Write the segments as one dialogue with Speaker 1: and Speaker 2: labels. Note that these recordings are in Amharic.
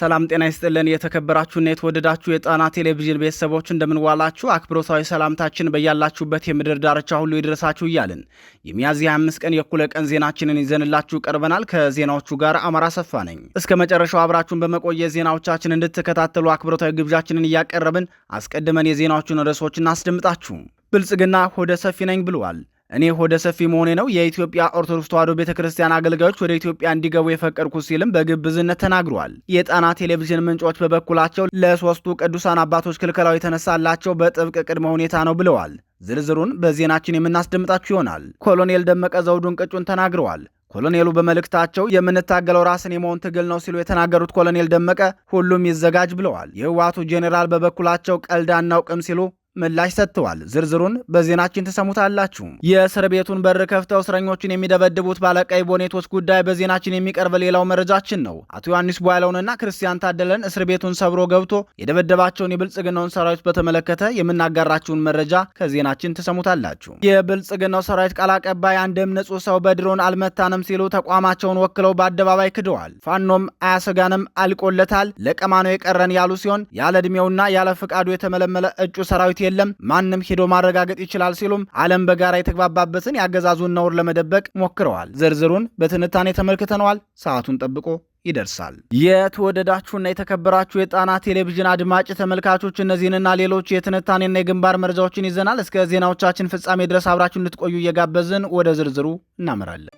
Speaker 1: ሰላም ጤና ይስጥልን። የተከበራችሁና የተወደዳችሁ የጣና ቴሌቪዥን ቤተሰቦች እንደምንዋላችሁ፣ አክብሮታዊ ሰላምታችን በያላችሁበት የምድር ዳርቻ ሁሉ ይድረሳችሁ እያልን የሚያዝያ አምስት ቀን የእኩለ ቀን ዜናችንን ይዘንላችሁ ቀርበናል። ከዜናዎቹ ጋር አማራ ሰፋ ነኝ። እስከ መጨረሻው አብራችሁን በመቆየት ዜናዎቻችን እንድትከታተሉ አክብሮታዊ ግብዣችንን እያቀረብን አስቀድመን የዜናዎቹን ርዕሶች እናስደምጣችሁ። ብልጽግና ሆደ ሰፊ ነኝ ብለዋል። እኔ ሆደ ሰፊ መሆኔ ነው የኢትዮጵያ ኦርቶዶክስ ተዋሕዶ ቤተ ክርስቲያን አገልጋዮች ወደ ኢትዮጵያ እንዲገቡ የፈቀድኩት ሲልም በግብዝነት ተናግሯል። የጣና ቴሌቪዥን ምንጮች በበኩላቸው ለሶስቱ ቅዱሳን አባቶች ክልከላው የተነሳላቸው በጥብቅ ቅድመ ሁኔታ ነው ብለዋል። ዝርዝሩን በዜናችን የምናስደምጣችሁ ይሆናል። ኮሎኔል ደመቀ ዘውዱን ቅጩን ተናግረዋል። ኮሎኔሉ በመልእክታቸው የምንታገለው ራስን የመሆን ትግል ነው ሲሉ የተናገሩት ኮሎኔል ደመቀ ሁሉም ይዘጋጅ ብለዋል። የህወሓቱ ጄኔራል በበኩላቸው ቀልድ አናውቅም ሲሉ ምላሽ ሰጥተዋል። ዝርዝሩን በዜናችን ትሰሙታላችሁ። የእስር ቤቱን በር ከፍተው እስረኞችን የሚደበድቡት ባለቀይ ቦኔቶች ጉዳይ በዜናችን የሚቀርብ ሌላው መረጃችን ነው። አቶ ዮሐንስ ቧያለውንና ክርስቲያን ታደለን እስር ቤቱን ሰብሮ ገብቶ የደበደባቸውን የብልጽግናውን ሰራዊት በተመለከተ የምናጋራችሁን መረጃ ከዜናችን ትሰሙታላችሁ። የብልጽግናው ሰራዊት ቃል አቀባይ አንድም ንጹህ ሰው በድሮን አልመታንም ሲሉ ተቋማቸውን ወክለው በአደባባይ ክደዋል። ፋኖም አያሰጋንም አልቆለታል፣ ለቀማኖ የቀረን ያሉ ሲሆን ያለ ዕድሜውና ያለ ፍቃዱ የተመለመለ እጩ ሰራዊት የለም፣ ማንም ሄዶ ማረጋገጥ ይችላል ሲሉም ዓለም በጋራ የተግባባበትን የአገዛዙን ነውር ለመደበቅ ሞክረዋል። ዝርዝሩን በትንታኔ ተመልክተነዋል። ሰዓቱን ጠብቆ ይደርሳል። የተወደዳችሁና የተከበራችሁ የጣና ቴሌቪዥን አድማጭ ተመልካቾች እነዚህንና ሌሎች የትንታኔና የግንባር መረጃዎችን ይዘናል። እስከ ዜናዎቻችን ፍጻሜ ድረስ አብራችሁ እንድትቆዩ እየጋበዝን ወደ ዝርዝሩ እናመራለን።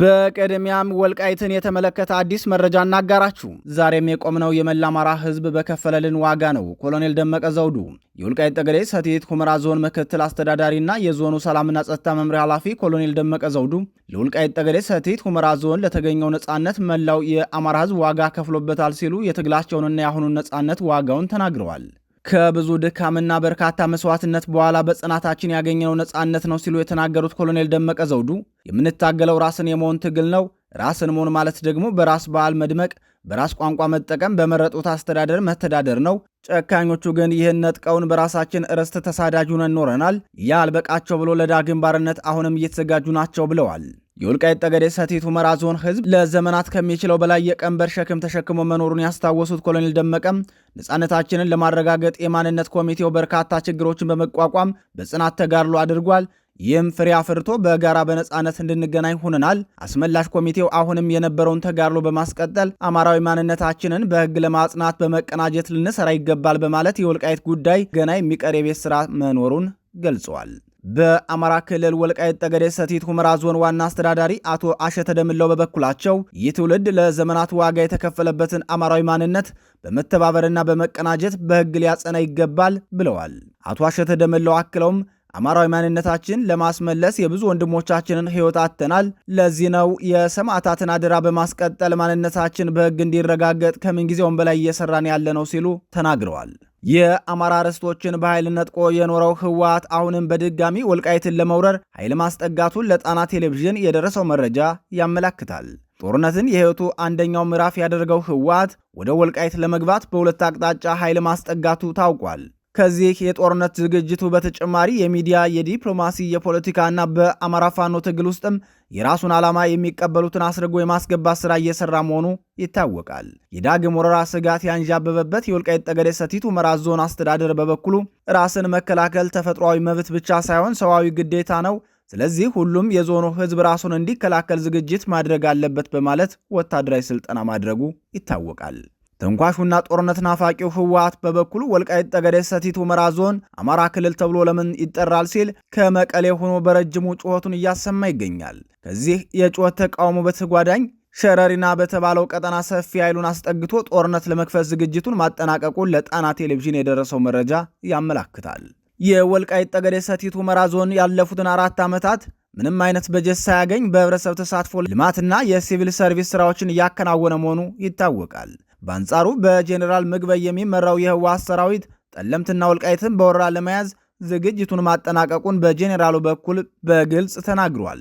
Speaker 1: በቀደሚያም ወልቃይትን የተመለከተ አዲስ መረጃ እናጋራችሁ። ዛሬም የቆምነው የመላ አማራ ህዝብ በከፈለልን ዋጋ ነው። ኮሎኔል ደመቀ ዘውዱ የወልቃይት ጠገዴ ሰቲት ሁመራ ዞን ምክትል አስተዳዳሪና የዞኑ ሰላምና ጸጥታ መምሪያ ኃላፊ ኮሎኔል ደመቀ ዘውዱ ለወልቃይት ጠገዴ ሰቲት ሁመራ ዞን ለተገኘው ነጻነት መላው የአማራ ህዝብ ዋጋ ከፍሎበታል ሲሉ የትግላቸውንና የአሁኑን ነጻነት ዋጋውን ተናግረዋል። ከብዙ ድካምና በርካታ መስዋዕትነት በኋላ በጽናታችን ያገኘነው ነጻነት ነው ሲሉ የተናገሩት ኮሎኔል ደመቀ ዘውዱ የምንታገለው ራስን የመሆን ትግል ነው። ራስን መሆን ማለት ደግሞ በራስ በዓል መድመቅ፣ በራስ ቋንቋ መጠቀም፣ በመረጡት አስተዳደር መተዳደር ነው። ጨካኞቹ ግን ይህን ነጥቀውን በራሳችን ርስት ተሳዳጅ ሆነን ኖረናል። ያ አልበቃቸው ብሎ ለዳግም ባርነት አሁንም እየተዘጋጁ ናቸው ብለዋል። የወልቃይት ጠገዴ ሰቲት ሁመራ ዞን ህዝብ ለዘመናት ከሚችለው በላይ የቀንበር ሸክም ተሸክሞ መኖሩን ያስታወሱት ኮሎኔል ደመቀም ነፃነታችንን ለማረጋገጥ የማንነት ኮሚቴው በርካታ ችግሮችን በመቋቋም በጽናት ተጋድሎ አድርጓል። ይህም ፍሬ አፍርቶ በጋራ በነፃነት እንድንገናኝ ሆነናል። አስመላሽ ኮሚቴው አሁንም የነበረውን ተጋድሎ በማስቀጠል አማራዊ ማንነታችንን በህግ ለማጽናት በመቀናጀት ልንሰራ ይገባል በማለት የወልቃይት ጉዳይ ገና የሚቀር የቤት ስራ መኖሩን ገልጸዋል። በአማራ ክልል ወልቃይት ጠገዴ ሰቲት ሁመራ ዞን ዋና አስተዳዳሪ አቶ አሸተ ደምለው በበኩላቸው ይህ ትውልድ ለዘመናት ዋጋ የተከፈለበትን አማራዊ ማንነት በመተባበርና በመቀናጀት በሕግ ሊያጸና ይገባል ብለዋል። አቶ አሸተ ደምለው አክለውም አማራዊ ማንነታችን ለማስመለስ የብዙ ወንድሞቻችንን ሕይወት አጥተናል። ለዚህ ነው የሰማዕታትን አደራ በማስቀጠል ማንነታችን በሕግ እንዲረጋገጥ ከምንጊዜውም በላይ እየሰራን ያለ ነው ሲሉ ተናግረዋል። የአማራ ርስቶችን በኃይል ነጥቆ የኖረው ህወሓት አሁንም በድጋሚ ወልቃይትን ለመውረር ኃይል ማስጠጋቱን ለጣና ቴሌቪዥን የደረሰው መረጃ ያመላክታል። ጦርነትን የህይወቱ አንደኛው ምዕራፍ ያደረገው ህወሓት ወደ ወልቃይት ለመግባት በሁለት አቅጣጫ ኃይል ማስጠጋቱ ታውቋል። ከዚህ የጦርነት ዝግጅቱ በተጨማሪ የሚዲያ፣ የዲፕሎማሲ፣ የፖለቲካና በአማራ ፋኖ ትግል ውስጥም የራሱን ዓላማ የሚቀበሉትን አስርጎ የማስገባት ስራ እየሰራ መሆኑ ይታወቃል። የዳግም ወረራ ስጋት ያንዣበበበት የወልቃይት ጠገዴ ሰቲት ሁመራ ዞን አስተዳደር በበኩሉ ራስን መከላከል ተፈጥሯዊ መብት ብቻ ሳይሆን ሰዋዊ ግዴታ ነው። ስለዚህ ሁሉም የዞኑ ህዝብ ራሱን እንዲከላከል ዝግጅት ማድረግ አለበት በማለት ወታደራዊ ስልጠና ማድረጉ ይታወቃል። ትንኳሹና ጦርነት ናፋቂው ህወሓት በበኩሉ ወልቃይት ጠገዴ ሰቲት ሁመራ ዞን አማራ ክልል ተብሎ ለምን ይጠራል ሲል ከመቀሌ ሆኖ በረጅሙ ጩኸቱን እያሰማ ይገኛል። ከዚህ የጩኸት ተቃውሞ በተጓዳኝ ሸረሪና በተባለው ቀጠና ሰፊ ኃይሉን አስጠግቶ ጦርነት ለመክፈት ዝግጅቱን ማጠናቀቁን ለጣና ቴሌቪዥን የደረሰው መረጃ ያመላክታል። የወልቃይት ጠገዴ ሰቲት ሁመራ ዞን ያለፉትን አራት ዓመታት ምንም አይነት በጀት ሳያገኝ በህብረተሰብ ተሳትፎ ልማትና የሲቪል ሰርቪስ ስራዎችን እያከናወነ መሆኑ ይታወቃል። በአንጻሩ በጄኔራል ምግበይ የሚመራው የህወሓት ሰራዊት ጠለምትና ወልቃይትን በወረራ ለመያዝ ዝግጅቱን ማጠናቀቁን በጄኔራሉ በኩል በግልጽ ተናግሯል።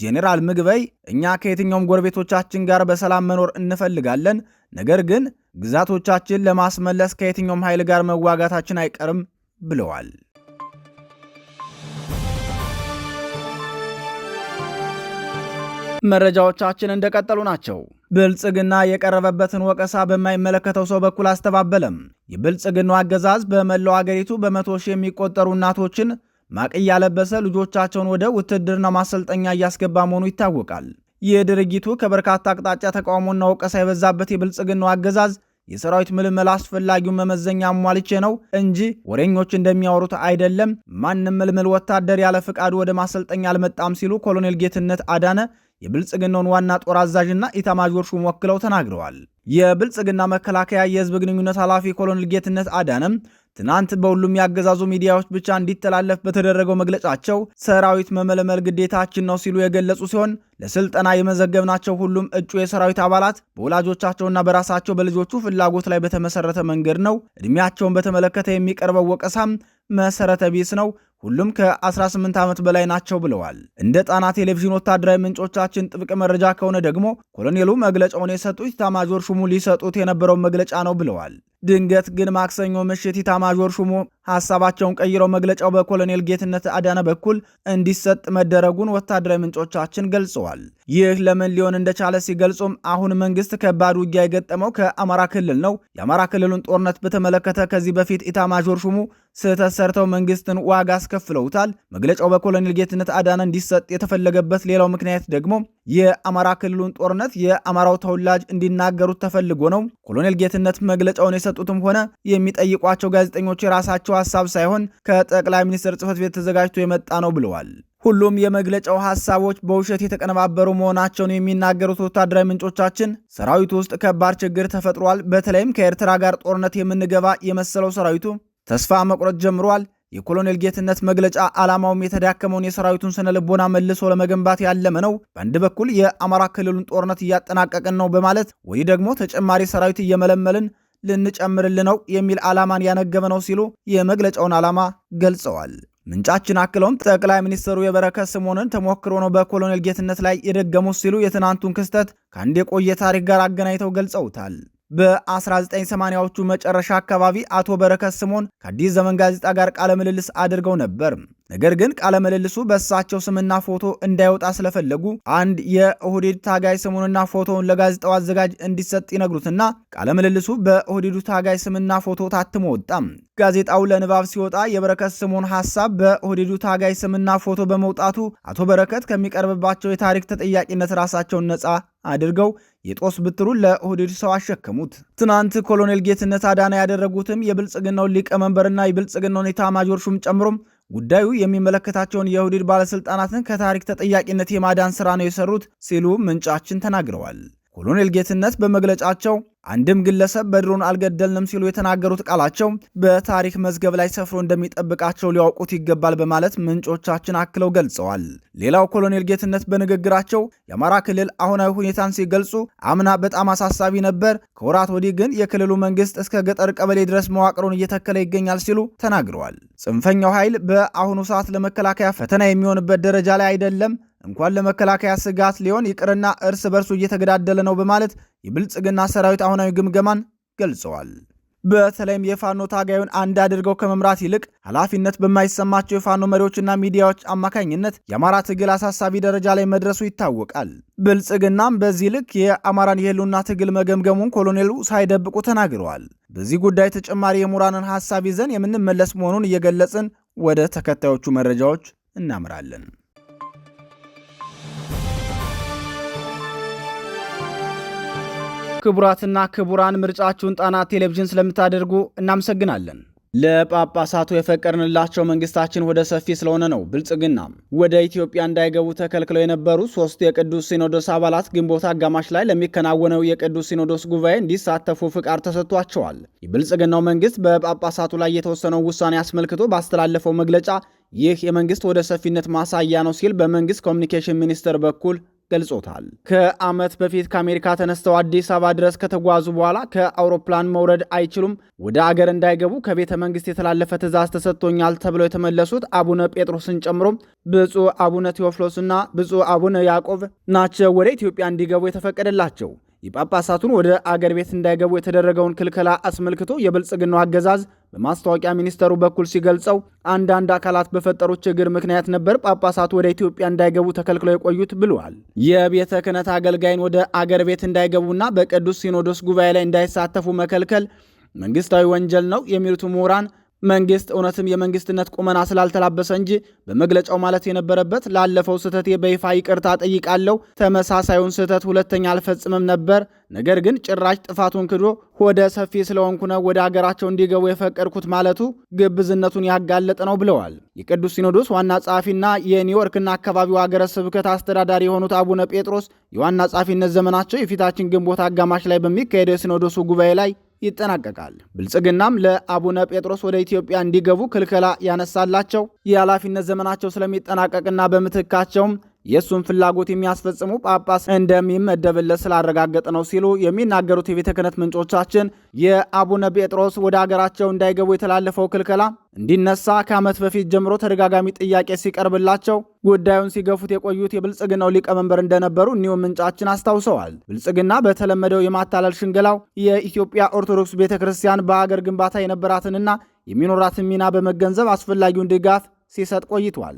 Speaker 1: ጄኔራል ምግበይ እኛ ከየትኛውም ጎረቤቶቻችን ጋር በሰላም መኖር እንፈልጋለን፣ ነገር ግን ግዛቶቻችን ለማስመለስ ከየትኛውም ኃይል ጋር መዋጋታችን አይቀርም ብለዋል። መረጃዎቻችን እንደቀጠሉ ናቸው። ብልጽግና የቀረበበትን ወቀሳ በማይመለከተው ሰው በኩል አስተባበለም። የብልጽግናው አገዛዝ በመላው አገሪቱ በመቶ ሺህ የሚቆጠሩ እናቶችን ማቅ እያለበሰ ልጆቻቸውን ወደ ውትድርና ማሰልጠኛ እያስገባ መሆኑ ይታወቃል። ይህ ድርጊቱ ከበርካታ አቅጣጫ ተቃውሞና ወቀሳ የበዛበት የብልጽግናው አገዛዝ የሰራዊት ምልመላ አስፈላጊውን መመዘኛ አሟልቼ ነው እንጂ ወሬኞች እንደሚያወሩት አይደለም፣ ማንም ምልምል ወታደር ያለ ፍቃዱ ወደ ማሰልጠኛ አልመጣም ሲሉ ኮሎኔል ጌትነት አዳነ የብልጽግናውን ዋና ጦር አዛዥና ኢታማዦር ሹም ወክለው ተናግረዋል። የብልጽግና መከላከያ የህዝብ ግንኙነት ኃላፊ ኮሎኔል ጌትነት አዳነም ትናንት በሁሉም ያገዛዙ ሚዲያዎች ብቻ እንዲተላለፍ በተደረገው መግለጫቸው ሰራዊት መመልመል ግዴታችን ነው ሲሉ የገለጹ ሲሆን ለስልጠና የመዘገብናቸው ሁሉም እጩ የሰራዊት አባላት በወላጆቻቸውና በራሳቸው በልጆቹ ፍላጎት ላይ በተመሰረተ መንገድ ነው። እድሜያቸውን በተመለከተ የሚቀርበው ወቀሳም መሰረተ ቢስ ነው። ሁሉም ከ18 ዓመት በላይ ናቸው ብለዋል። እንደ ጣና ቴሌቪዥን ወታደራዊ ምንጮቻችን ጥብቅ መረጃ ከሆነ ደግሞ ኮሎኔሉ መግለጫውን የሰጡት ኢታማዦር ሹሙ ሊሰጡት የነበረው መግለጫ ነው ብለዋል። ድንገት ግን ማክሰኞ ምሽት ኢታማዦር ሹሙ ሀሳባቸውን ቀይረው መግለጫው በኮሎኔል ጌትነት አዳነ በኩል እንዲሰጥ መደረጉን ወታደራዊ ምንጮቻችን ገልጸዋል። ይህ ለምን ሊሆን እንደቻለ ሲገልጹም አሁን መንግስት ከባድ ውጊያ የገጠመው ከአማራ ክልል ነው። የአማራ ክልሉን ጦርነት በተመለከተ ከዚህ በፊት ኢታማዦር ሹሙ ስህተት ሰርተው መንግስትን ዋጋ አስከፍለውታል። መግለጫው በኮሎኔል ጌትነት አዳነ እንዲሰጥ የተፈለገበት ሌላው ምክንያት ደግሞ የአማራ ክልሉን ጦርነት የአማራው ተወላጅ እንዲናገሩት ተፈልጎ ነው። ኮሎኔል ጌትነት መግለጫውን የሰጡትም ሆነ የሚጠይቋቸው ጋዜጠኞች የራሳቸው ሀሳብ ሳይሆን ከጠቅላይ ሚኒስትር ጽህፈት ቤት ተዘጋጅቶ የመጣ ነው ብለዋል። ሁሉም የመግለጫው ሀሳቦች በውሸት የተቀነባበሩ መሆናቸውን የሚናገሩት ወታደራዊ ምንጮቻችን ሰራዊቱ ውስጥ ከባድ ችግር ተፈጥሯል፣ በተለይም ከኤርትራ ጋር ጦርነት የምንገባ የመሰለው ሰራዊቱ ተስፋ መቁረጥ ጀምሯል። የኮሎኔል ጌትነት መግለጫ ዓላማውም የተዳከመውን የሰራዊቱን ስነ ልቦና መልሶ ለመገንባት ያለመ ነው። በአንድ በኩል የአማራ ክልሉን ጦርነት እያጠናቀቅን ነው በማለት ወዲህ ደግሞ ተጨማሪ ሰራዊት እየመለመልን ልንጨምርልነው የሚል ዓላማን ያነገበ ነው ሲሉ የመግለጫውን ዓላማ ገልጸዋል። ምንጫችን አክለውም ጠቅላይ ሚኒስትሩ የበረከት ስምኦንን ተሞክሮ ነው በኮሎኔል ጌትነት ላይ የደገሙት ሲሉ የትናንቱን ክስተት ከአንድ የቆየ ታሪክ ጋር አገናኝተው ገልጸውታል። በ1980ዎቹ መጨረሻ አካባቢ አቶ በረከት ስምኦን ከአዲስ ዘመን ጋዜጣ ጋር ቃለ ምልልስ አድርገው ነበር። ነገር ግን ቃለምልልሱ በእሳቸው ስምና ፎቶ እንዳይወጣ ስለፈለጉ አንድ የኦህዴድ ታጋይ ስሙንና ፎቶውን ለጋዜጣው አዘጋጅ እንዲሰጥ ይነግሩትና ቃለምልልሱ በኦህዴዱ ታጋይ ስምና ፎቶ ታትሞ ወጣም። ጋዜጣው ለንባብ ሲወጣ የበረከት ስምኦን ሀሳብ በኦህዴዱ ታጋይ ስምና ፎቶ በመውጣቱ አቶ በረከት ከሚቀርብባቸው የታሪክ ተጠያቂነት ራሳቸውን ነጻ አድርገው የጦስ ብትሩን ለኦህዴድ ሰው አሸከሙት። ትናንት ኮሎኔል ጌትነት አዳና ያደረጉትም የብልጽግናውን ሊቀመንበርና የብልጽግናውን ኤታማዦር ሹም ጨምሮም ጉዳዩ የሚመለከታቸውን የሁዲድ ባለሥልጣናትን ከታሪክ ተጠያቂነት የማዳን ሥራ ነው የሰሩት ሲሉ ምንጫችን ተናግረዋል። ኮሎኔል ጌትነት በመግለጫቸው አንድም ግለሰብ በድሮን አልገደልንም ሲሉ የተናገሩት ቃላቸው በታሪክ መዝገብ ላይ ሰፍሮ እንደሚጠብቃቸው ሊያውቁት ይገባል በማለት ምንጮቻችን አክለው ገልጸዋል። ሌላው ኮሎኔል ጌትነት በንግግራቸው የአማራ ክልል አሁናዊ ሁኔታን ሲገልጹ አምና በጣም አሳሳቢ ነበር፣ ከወራት ወዲህ ግን የክልሉ መንግስት እስከ ገጠር ቀበሌ ድረስ መዋቅሩን እየተከለ ይገኛል ሲሉ ተናግረዋል። ጽንፈኛው ኃይል በአሁኑ ሰዓት ለመከላከያ ፈተና የሚሆንበት ደረጃ ላይ አይደለም እንኳን ለመከላከያ ስጋት ሊሆን ይቅርና እርስ በርሱ እየተገዳደለ ነው በማለት የብልጽግና ሰራዊት አሁናዊ ግምገማን ገልጸዋል። በተለይም የፋኖ ታጋዩን አንድ አድርገው ከመምራት ይልቅ ኃላፊነት በማይሰማቸው የፋኖ መሪዎችና ሚዲያዎች አማካኝነት የአማራ ትግል አሳሳቢ ደረጃ ላይ መድረሱ ይታወቃል። ብልጽግናም በዚህ ልክ የአማራን የህልውና ትግል መገምገሙን ኮሎኔሉ ሳይደብቁ ተናግረዋል። በዚህ ጉዳይ ተጨማሪ የምሁራንን ሀሳብ ይዘን የምንመለስ መሆኑን እየገለጽን ወደ ተከታዮቹ መረጃዎች እናምራለን። ክቡራትና ክቡራን ምርጫችሁን ጣና ቴሌቪዥን ስለምታደርጉ እናመሰግናለን። ለጳጳሳቱ የፈቀድንላቸው መንግስታችን ወደ ሰፊ ስለሆነ ነው። ብልጽግና ወደ ኢትዮጵያ እንዳይገቡ ተከልክለው የነበሩ ሶስቱ የቅዱስ ሲኖዶስ አባላት ግንቦት አጋማሽ ላይ ለሚከናወነው የቅዱስ ሲኖዶስ ጉባኤ እንዲሳተፉ ፍቃድ ተሰጥቷቸዋል። የብልጽግናው መንግስት በጳጳሳቱ ላይ የተወሰነው ውሳኔ አስመልክቶ ባስተላለፈው መግለጫ ይህ የመንግስት ወደ ሰፊነት ማሳያ ነው ሲል በመንግስት ኮሚኒኬሽን ሚኒስቴር በኩል ገልጾታል። ከዓመት በፊት ከአሜሪካ ተነስተው አዲስ አበባ ድረስ ከተጓዙ በኋላ ከአውሮፕላን መውረድ አይችሉም፣ ወደ አገር እንዳይገቡ ከቤተ መንግስት የተላለፈ ትእዛዝ ተሰጥቶኛል ተብለው የተመለሱት አቡነ ጴጥሮስን ጨምሮ ብፁዕ አቡነ ቴዎፍሎስና ብፁዕ አቡነ ያዕቆብ ናቸው ወደ ኢትዮጵያ እንዲገቡ የተፈቀደላቸው። የጳጳሳቱን ወደ አገር ቤት እንዳይገቡ የተደረገውን ክልከላ አስመልክቶ የብልጽግናው አገዛዝ በማስታወቂያ ሚኒስተሩ በኩል ሲገልጸው አንዳንድ አካላት በፈጠሩት ችግር ምክንያት ነበር ጳጳሳት ወደ ኢትዮጵያ እንዳይገቡ ተከልክለው የቆዩት ብለዋል። የቤተ ክህነት አገልጋይን ወደ አገር ቤት እንዳይገቡና በቅዱስ ሲኖዶስ ጉባኤ ላይ እንዳይሳተፉ መከልከል መንግስታዊ ወንጀል ነው የሚሉት ምሁራን መንግስት እውነትም የመንግስትነት ቁመና ስላልተላበሰ እንጂ በመግለጫው ማለት የነበረበት ላለፈው ስህተቴ በይፋ ይቅርታ ጠይቃለሁ፣ ተመሳሳዩን ስህተት ሁለተኛ አልፈጽምም ነበር። ነገር ግን ጭራሽ ጥፋቱን ክዶ ወደ ሰፊ ስለሆንኩ ነው ወደ አገራቸው እንዲገቡ የፈቀድኩት ማለቱ ግብዝነቱን ያጋለጠ ነው ብለዋል። የቅዱስ ሲኖዶስ ዋና ጸሐፊና የኒውዮርክና አካባቢው ሀገረ ስብከት አስተዳዳሪ የሆኑት አቡነ ጴጥሮስ የዋና ጸሐፊነት ዘመናቸው የፊታችን ግንቦት አጋማሽ ላይ በሚካሄደው የሲኖዶሱ ጉባኤ ላይ ይጠናቀቃል። ብልጽግናም ለአቡነ ጴጥሮስ ወደ ኢትዮጵያ እንዲገቡ ክልከላ ያነሳላቸው የኃላፊነት ዘመናቸው ስለሚጠናቀቅና በምትካቸውም የእሱን ፍላጎት የሚያስፈጽሙ ጳጳስ እንደሚመደብለት ስላረጋገጠ ነው ሲሉ የሚናገሩት የቤተ ክህነት ምንጮቻችን የአቡነ ጴጥሮስ ወደ አገራቸው እንዳይገቡ የተላለፈው ክልከላ እንዲነሳ ከዓመት በፊት ጀምሮ ተደጋጋሚ ጥያቄ ሲቀርብላቸው ጉዳዩን ሲገፉት የቆዩት የብልጽግናው ሊቀመንበር እንደነበሩ እኒሁ ምንጫችን አስታውሰዋል። ብልጽግና በተለመደው የማታለል ሽንገላው የኢትዮጵያ ኦርቶዶክስ ቤተ ክርስቲያን በሀገር ግንባታ የነበራትንና የሚኖራትን ሚና በመገንዘብ አስፈላጊውን ድጋፍ ሲሰጥ ቆይቷል።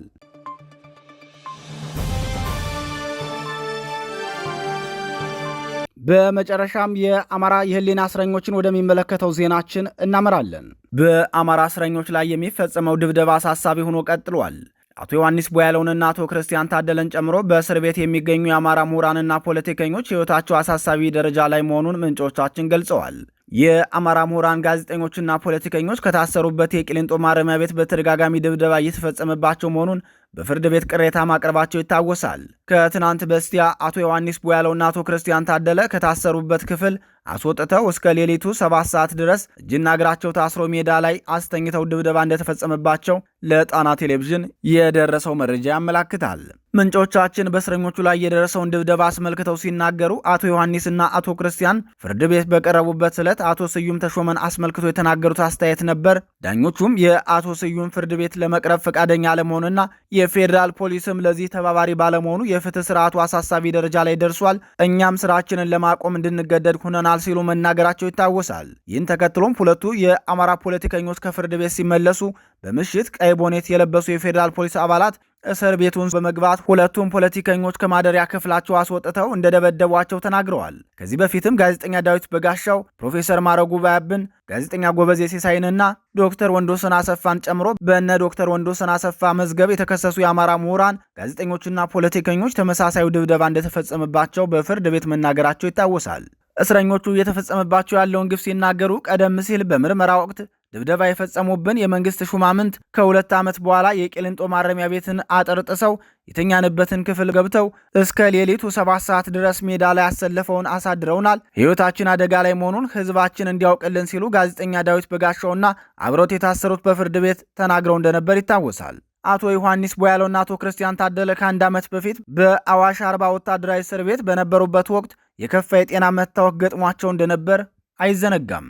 Speaker 1: በመጨረሻም የአማራ የህሊና እስረኞችን ወደሚመለከተው ዜናችን እናመራለን። በአማራ እስረኞች ላይ የሚፈጸመው ድብደባ አሳሳቢ ሆኖ ቀጥሏል። አቶ ዮሐንስ ቦያለውንና አቶ ክርስቲያን ታደለን ጨምሮ በእስር ቤት የሚገኙ የአማራ ምሁራንና ፖለቲከኞች ህይወታቸው አሳሳቢ ደረጃ ላይ መሆኑን ምንጮቻችን ገልጸዋል። የአማራ ምሁራን ጋዜጠኞችና ፖለቲከኞች ከታሰሩበት የቅሊንጦ ማረሚያ ቤት በተደጋጋሚ ድብደባ እየተፈጸመባቸው መሆኑን በፍርድ ቤት ቅሬታ ማቅረባቸው ይታወሳል። ከትናንት በስቲያ አቶ ዮሐንስ ቦያለውና አቶ ክርስቲያን ታደለ ከታሰሩበት ክፍል አስወጥተው እስከ ሌሊቱ ሰባት ሰዓት ድረስ እጅና እግራቸው ታስሮ ሜዳ ላይ አስተኝተው ድብደባ እንደተፈጸመባቸው ለጣና ቴሌቪዥን የደረሰው መረጃ ያመላክታል። ምንጮቻችን በእስረኞቹ ላይ የደረሰውን ድብደባ አስመልክተው ሲናገሩ አቶ ዮሐንስና አቶ ክርስቲያን ፍርድ ቤት በቀረቡበት ዕለት አቶ ስዩም ተሾመን አስመልክቶ የተናገሩት አስተያየት ነበር። ዳኞቹም የአቶ ስዩም ፍርድ ቤት ለመቅረብ ፈቃደኛ አለመሆኑና የፌዴራል ፖሊስም ለዚህ ተባባሪ ባለመሆኑ የፍትህ ስርዓቱ አሳሳቢ ደረጃ ላይ ደርሷል፣ እኛም ስራችንን ለማቆም እንድንገደድ ሁነናል ሲሉ መናገራቸው ይታወሳል። ይህን ተከትሎም ሁለቱ የአማራ ፖለቲከኞች ከፍርድ ቤት ሲመለሱ በምሽት ቀይ ቦኔት የለበሱ የፌዴራል ፖሊስ አባላት እስር ቤቱን በመግባት ሁለቱም ፖለቲከኞች ከማደሪያ ክፍላቸው አስወጥተው እንደደበደቧቸው ተናግረዋል። ከዚህ በፊትም ጋዜጠኛ ዳዊት በጋሻው፣ ፕሮፌሰር ማረጉ ባያብን፣ ጋዜጠኛ ጎበዜ ሲሳይንና ዶክተር ወንዶሰን አሰፋን ጨምሮ በእነ ዶክተር ወንዶሰን አሰፋ መዝገብ የተከሰሱ የአማራ ምሁራን፣ ጋዜጠኞችና ፖለቲከኞች ተመሳሳዩ ድብደባ እንደተፈጸመባቸው በፍርድ ቤት መናገራቸው ይታወሳል። እስረኞቹ እየተፈጸመባቸው ያለውን ግፍ ሲናገሩ ቀደም ሲል በምርመራ ወቅት ድብደባ የፈጸሙብን የመንግስት ሹማምንት ከሁለት ዓመት በኋላ የቂሊንጦ ማረሚያ ቤትን አጥር ጥሰው የተኛንበትን ክፍል ገብተው እስከ ሌሊቱ ሰባት ሰዓት ድረስ ሜዳ ላይ ያሰለፈውን አሳድረውናል። ሕይወታችን አደጋ ላይ መሆኑን ህዝባችን እንዲያውቅልን ሲሉ ጋዜጠኛ ዳዊት በጋሻውና አብሮት የታሰሩት በፍርድ ቤት ተናግረው እንደነበር ይታወሳል። አቶ ዮሐንስ ቦያለውና አቶ ክርስቲያን ታደለ ከአንድ ዓመት በፊት በአዋሽ አርባ ወታደራዊ እስር ቤት በነበሩበት ወቅት የከፋ የጤና መታወክ ገጥሟቸው እንደነበር አይዘነጋም።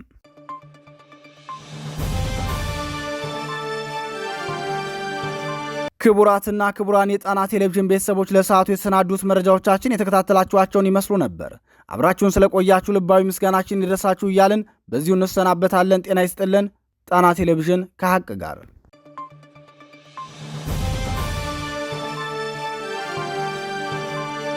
Speaker 1: ክቡራትና ክቡራን የጣና ቴሌቪዥን ቤተሰቦች ለሰዓቱ የተሰናዱት መረጃዎቻችን የተከታተላችኋቸውን ይመስሉ ነበር። አብራችሁን ስለቆያችሁ ልባዊ ምስጋናችን ይድረሳችሁ እያልን በዚሁ እንሰናበታለን። ጤና ይስጥልን። ጣና ቴሌቪዥን ከሀቅ ጋር